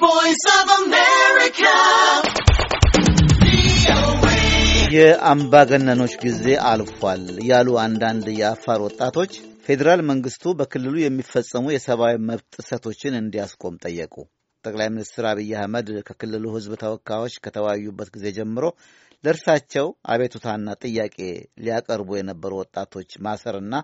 ቮይስ ገነኖች የአምባገነኖች ጊዜ አልፏል ያሉ አንዳንድ የአፋር ወጣቶች ፌዴራል መንግስቱ በክልሉ የሚፈጸሙ የሰብአዊ መብት ጥሰቶችን እንዲያስቆም ጠየቁ። ጠቅላይ ሚኒስትር አብይ አህመድ ከክልሉ ሕዝብ ተወካዮች ከተወያዩበት ጊዜ ጀምሮ ለእርሳቸው አቤቱታና ጥያቄ ሊያቀርቡ የነበሩ ወጣቶች ማሰርና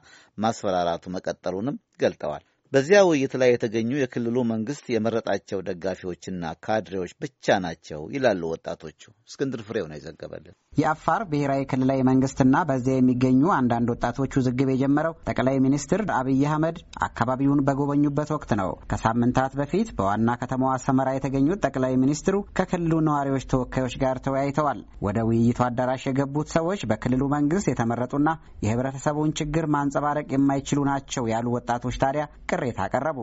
ማስፈራራቱ መቀጠሉንም ገልጠዋል። በዚያ ውይይት ላይ የተገኙ የክልሉ መንግስት የመረጣቸው ደጋፊዎችና ካድሬዎች ብቻ ናቸው ይላሉ ወጣቶቹ። እስክንድር ፍሬው ነው የዘገበልን። የአፋር ብሔራዊ ክልላዊ መንግስትና በዚያ የሚገኙ አንዳንድ ወጣቶች ውዝግብ የጀመረው ጠቅላይ ሚኒስትር አብይ አህመድ አካባቢውን በጎበኙበት ወቅት ነው። ከሳምንታት በፊት በዋና ከተማዋ ሰመራ የተገኙት ጠቅላይ ሚኒስትሩ ከክልሉ ነዋሪዎች ተወካዮች ጋር ተወያይተዋል። ወደ ውይይቱ አዳራሽ የገቡት ሰዎች በክልሉ መንግስት የተመረጡና የህብረተሰቡን ችግር ማንጸባረቅ የማይችሉ ናቸው ያሉ ወጣቶች ታዲያ ቅሬታ አቀረቡ።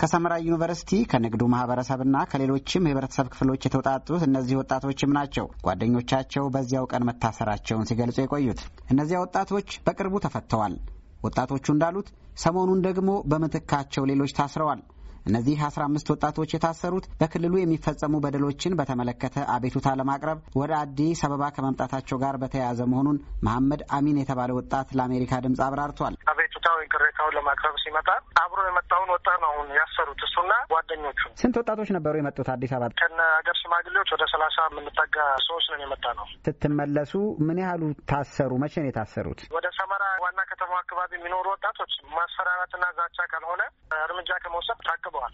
ከሰመራ ዩኒቨርሲቲ ከንግዱ ማህበረሰብና ከሌሎችም የህብረተሰብ ክፍሎች የተውጣጡት እነዚህ ወጣቶችም ናቸው ጓደኞቻቸው በዚያው ቀን መታሰራቸውን ሲገልጹ የቆዩት። እነዚያ ወጣቶች በቅርቡ ተፈተዋል። ወጣቶቹ እንዳሉት ሰሞኑን ደግሞ በምትካቸው ሌሎች ታስረዋል። እነዚህ 15 ወጣቶች የታሰሩት በክልሉ የሚፈጸሙ በደሎችን በተመለከተ አቤቱታ ለማቅረብ ወደ አዲስ አበባ ከመምጣታቸው ጋር በተያያዘ መሆኑን መሐመድ አሚን የተባለ ወጣት ለአሜሪካ ድምፅ አብራርቷል። ወይም ቅሬታውን ለማቅረብ ሲመጣ አብሮ የመጣውን ወጣት ነው አሁን ያሰሩት እሱና ጓደኞቹ። ስንት ወጣቶች ነበሩ የመጡት አዲስ አበባ? ከነ ሀገር ሽማግሌዎች ወደ ሰላሳ የምንጠጋ ሰዎች ነን የመጣ ነው። ስትመለሱ ምን ያህሉ ታሰሩ? መቼ ነው የታሰሩት? ወደ ሰመራ ዋና ከተማ አካባቢ የሚኖሩ ወጣቶች ማስፈራራትና ዛቻ ካልሆነ እርምጃ ከመውሰድ ታቅበዋል።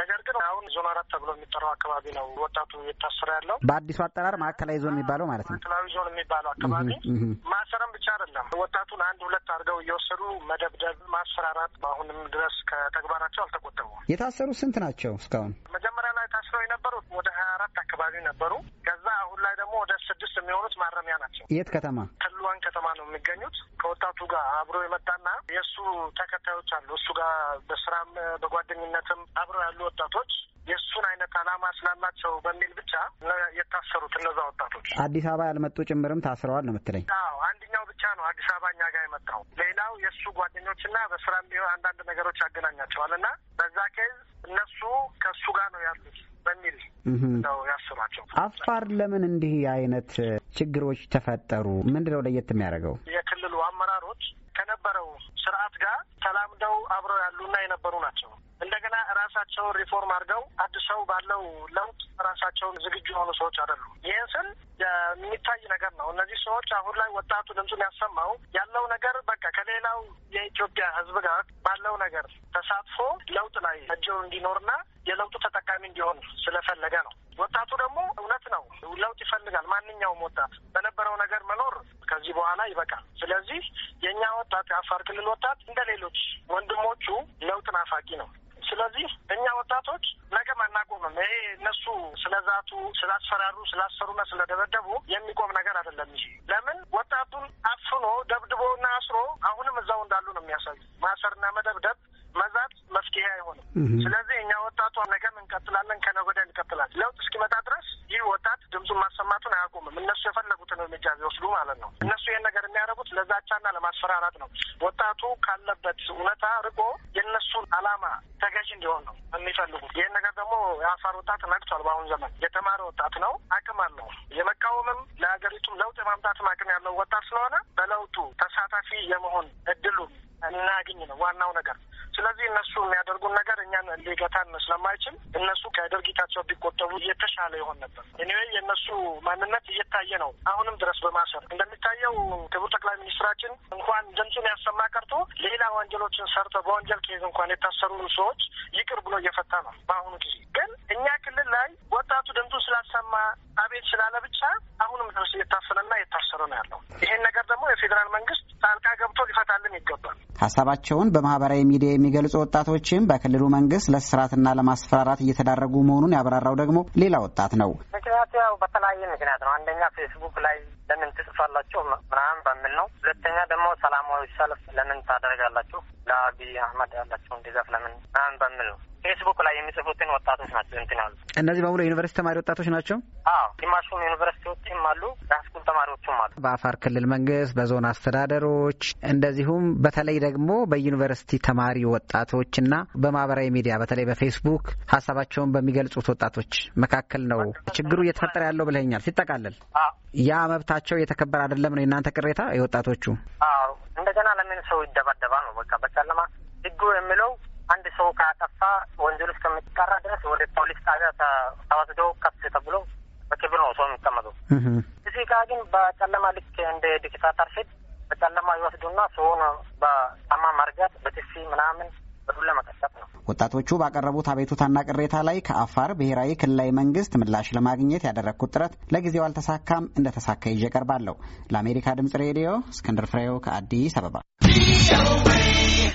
ነገር ግን አሁን ዞን አራት ተብሎ የሚጠራው አካባቢ ነው ወጣቱ የታሰረ ያለው በአዲሱ አጠራር ማዕከላዊ ዞን የሚባለው ማለት ነው። ማዕከላዊ ዞን የሚባለው አካባቢ ማሰረም ብቻ አይደለም ወጣቱን አንድ ሁለት አድርገው እየወሰዱ መደብ በወንጀል ማስፈራራት በአሁንም ድረስ ከተግባራቸው አልተቆጠቡም። የታሰሩ ስንት ናቸው እስካሁን? መጀመሪያ ላይ ታስረው የነበሩት ወደ ሀያ አራት አካባቢ ነበሩ። ከዛ አሁን ላይ ደግሞ ወደ ስድስት የሚሆኑት ማረሚያ ናቸው። የት ከተማ? ትልዋን ከተማ ነው የሚገኙት። ከወጣቱ ጋር አብሮ የመጣና የእሱ ተከታዮች አሉ። እሱ ጋር በስራም በጓደኝነትም አብረው ያሉ ወጣቶች የእሱን አይነት አላማ ስላላቸው በሚል ብቻ የታሰሩት እነዛ ወጣቶች አዲስ አበባ ያልመጡ ጭምርም ታስረዋል ነው የምትለኝ? አዎ ብቻ ነው አዲስ አበባ እኛ ጋር የመጣው። የእሱ ጓደኞች በስራ የሚሆን አንዳንድ ነገሮች ያገናኛቸዋል እና በዛ ኬዝ እነሱ ከእሱ ጋር ነው ያሉት በሚል ነው ያስባቸው። አፋር ለምን እንዲህ አይነት ችግሮች ተፈጠሩ? ምንድነው ለየት የሚያደርገው? የክልሉ አመራሮች ከነበረው ስርዓት ጋር ተላምደው አብረው ያሉና የነበሩ ናቸው። እንደገና ራሳቸውን ሪፎርም አድርገው አድሰው ባለው ለውጥ ራሳቸውን ዝግጁ የሆኑ ሰዎች አይደሉም። ይህን ስል የሚታይ ነገር ነው። እነዚህ ሰዎች አሁን ላይ ወጣቱ ድምፁን ያሰማው ያለው ነገር በቃ ከሌላው የኢትዮጵያ ሕዝብ ጋር ባለው ነገር ተሳትፎ ለውጥ ላይ እጅው እንዲኖርና የለውጡ ተጠቃሚ እንዲሆን ስለፈለገ ነው። ወጣቱ ደግሞ እውነት ነው ለውጥ ይፈልጋል። ማንኛውም ወጣት በነበረው ነገር መኖር ከዚህ በኋላ ይበቃል። ስለዚህ የእኛ ወጣት የአፋር ክልል ወጣት እንደ ሌሎች ወንድሞቹ ለውጥ ናፋቂ ነው። ስለዚህ እኛ ወጣቶች ነገም አናቆምም። ይሄ እነሱ ስለዛቱ፣ ስላስፈራሩ፣ ስላሰሩና ስለደበደቡ የሚቆም ነገር አይደለም። ይሄ ለምን ወጣቱን አፍኖ ደብድቦና አስሮ አሁንም እዛው እንዳሉ ነው የሚያሳዩ። ማሰርና መደብደብ፣ መዛት መፍትሄ አይሆንም። ስለዚህ እኛ ወጣቷ ነገም እንቀጥላለን። ድምፁን ማሰማቱን አያቆምም። እነሱ የፈለጉትን እርምጃ ቢወስዱ ማለት ነው። እነሱ ይህን ነገር የሚያደርጉት ለዛቻና ለማስፈራራት ነው። ወጣቱ ካለበት እውነታ ርቆ የእነሱን አላማ ተገዥ እንዲሆን ነው የሚፈልጉት። ይህን ነገር ደግሞ የአፋር ወጣት ነግቷል። በአሁኑ ዘመን የተማረ ወጣት ነው፣ አቅም አለው። የመቃወምም ለሀገሪቱም ለውጥ የማምጣትም አቅም ያለው ወጣት ስለሆነ በለውጡ ተሳታፊ የመሆን እድሉም እናያገኝ ነው ዋናው ነገር። ስለዚህ እነሱ የሚያደርጉን ነገር እኛን ሊገታን ስለማይችል እነሱ ከድርጊታቸው ቢቆጠቡ የተሻለ ይሆን ነበር። እኒዌይ የእነሱ ማንነት እየታየ ነው አሁንም ድረስ በማሰር እንደሚታየው። ክቡር ጠቅላይ ሚኒስትራችን እንኳን ድምፁን ያሰማ ቀርቶ ሌላ ወንጀሎችን ሰርተው በወንጀል ኬዝ እንኳን የታሰሩ ሰዎች ይቅር ብሎ እየፈታ ነው። በአሁኑ ጊዜ ግን እኛ ክልል ላይ ወጣቱ ድምፁን ስላሰማ አቤት ስላለ ብቻ ሀሳባቸውን በማህበራዊ ሚዲያ የሚገልጹ ወጣቶችም በክልሉ መንግስት ለስርዓትና ለማስፈራራት እየተዳረጉ መሆኑን ያብራራው ደግሞ ሌላ ወጣት ነው። ምክንያቱ ያው በተለያየ ምክንያት ነው። አንደኛ ፌስቡክ ላይ ለምን ትጽፋላችሁ ምናምን በሚል ነው። ሁለተኛ ደግሞ ሰላማዊ ሰልፍ ለምን ታደርጋላችሁ ለአብይ አህመድ ያላቸው ለምን ምን በሚል ነው ፌስቡክ ላይ የሚጽፉትን ወጣቶች ናቸው እንትን ያሉ እነዚህ በሙሉ የዩኒቨርስቲ ተማሪ ወጣቶች ናቸው። አዎ ግማሹም ዩኒቨርሲቲዎችም አሉ፣ የሃይስኩል ተማሪዎችም አሉ። በአፋር ክልል መንግስት፣ በዞን አስተዳደሮች እንደዚሁም በተለይ ደግሞ በዩኒቨርሲቲ ተማሪ ወጣቶችና በማህበራዊ ሚዲያ በተለይ በፌስቡክ ሀሳባቸውን በሚገልጹት ወጣቶች መካከል ነው ችግሩ እየተፈጠረ ያለው ብለኛል። ሲጠቃለል ያ መብታቸው እየተከበረ አይደለም ነው የእናንተ ቅሬታ የወጣቶቹ? አዎ እንደገና ለምን ሰው ይደባደባ ነው? በቃ በጨለማ ህጉ የሚለው አንድ ሰው ካጠፋ ወንጀል እስከሚጣራ ድረስ ወደ ፖሊስ ጣቢያ ተወስዶ ከፍ ተብሎ በክብር ነው ሰው የሚቀመጡ። እዚህ ጋር ግን በጨለማ ልክ እንደ ዲክታተርሺፕ በጨለማ ይወስዱና ሰውን በጣማ ማርጋት በጥፊ ምናምን እቅዱን ለመቀጠል ነው። ወጣቶቹ ባቀረቡት አቤቱታና ቅሬታ ላይ ከአፋር ብሔራዊ ክልላዊ መንግስት ምላሽ ለማግኘት ያደረግኩት ጥረት ለጊዜው አልተሳካም። እንደተሳካ ይዤ ቀርባለሁ። ለአሜሪካ ድምጽ ሬዲዮ እስክንድር ፍሬው ከአዲስ አበባ